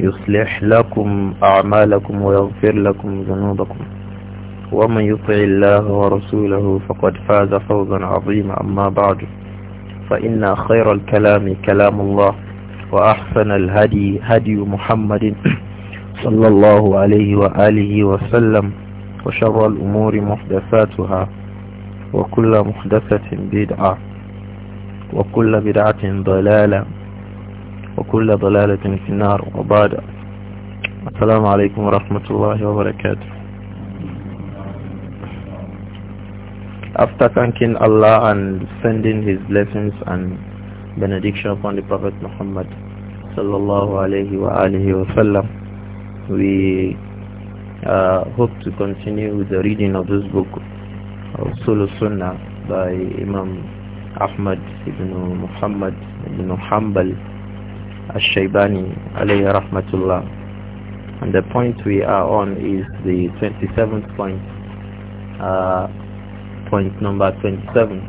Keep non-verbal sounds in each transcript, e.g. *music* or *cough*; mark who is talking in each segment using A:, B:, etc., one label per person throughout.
A: يصلح لكم أعمالكم ويغفر لكم ذنوبكم ومن يطع الله ورسوله فقد فاز فوزا عظيما أما بعد فإن خير الكلام كلام الله وأحسن الهدي هدي محمد *clears throat* صلى الله عليه وآله وسلم وشر الأمور محدثاتها وكل محدثة بدعة وكل بدعة ضلالة وكل ضلالة في النار وبعد السلام عليكم ورحمة الله وبركاته After thanking Allah and sending His blessings and benediction upon the Prophet Muhammad sallallahu alayhi wa alihi wa sallam, we uh, hope to continue with the reading of this book of Sulu Sunnah by Imam Ahmad ibn Muhammad ibn Hanbal ash shaybani alayhi rahmatullah. And the point we are on is the 27th point, uh, point number 27,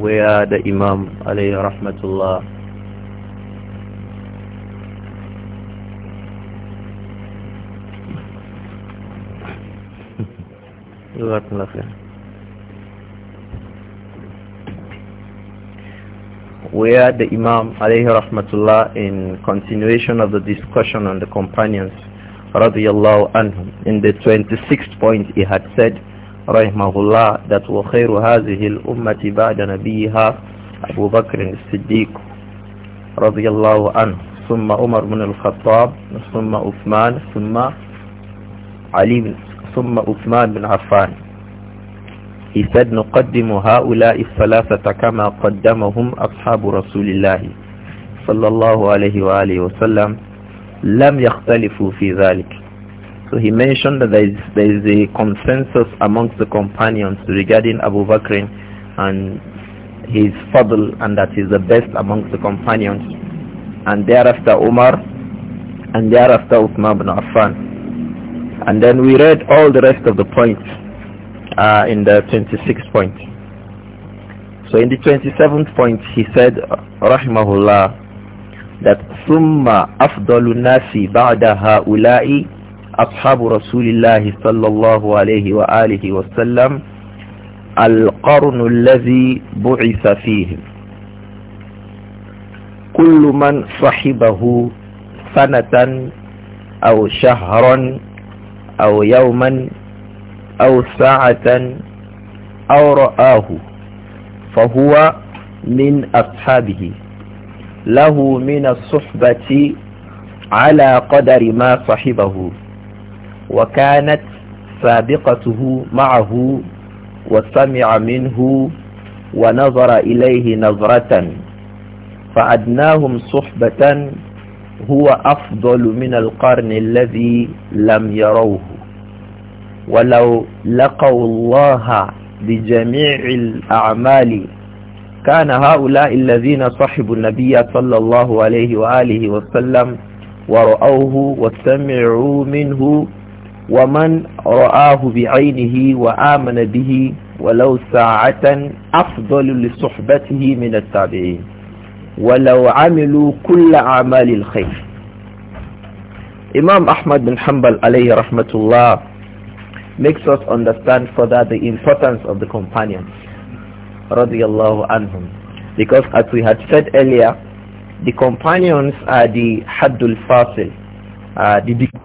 A: where the Imam alayhi rahmatullah جزاكم *laughs* الله where the Imam alayhi rahmatullah in continuation of the discussion on the companions radiyallahu anhum in the 26th point he had said rahimahullah that wa khairu hadhihi al-ummati ba'da nabiha Abu Bakr as-Siddiq radiyallahu anhu ثم عمر بن الخطاب ثم عثمان ثم علي ثم عثمان بن عفان he said, نقدم هؤلاء الثلاثة كما قدمهم أصحاب رسول الله صلى الله عليه وآله وسلم لم يختلفوا في ذلك. So he mentioned that there is, there is a consensus amongst the companions regarding Abu Bakr and his fadl and that he's the best amongst the companions. And thereafter Umar and thereafter Uthman ibn Affan. And then we read all the rest of the points uh, in the 26th point. So in the 27th point, he said, rahimahullah, that ثم أفضل الناس بعد هؤلاء أصحاب رسول الله صلى الله عليه وآله وسلم القرن الذي بعث فيهم كل من صحبه سنة أو شهرا أو يوما أو ساعة أو رآه فهو من أصحابه له من الصحبة على قدر ما صحبه وكانت سابقته معه وسمع منه ونظر إليه نظرة فأدناهم صحبة هو أفضل من القرن الذي لم يروه ولو لقوا الله بجميع الأعمال كان هؤلاء الذين صحبوا النبي صلى الله عليه وآله وسلم ورأوه واستمعوا منه ومن رآه بعينه وآمن به ولو ساعة أفضل لصحبته من التابعين ولو عملوا كل أعمال الخير إمام أحمد بن حنبل عليه رحمة الله makes us understand further the importance of the companions radiallahu anhum because as we had said earlier the companions are the haddul fasil uh, the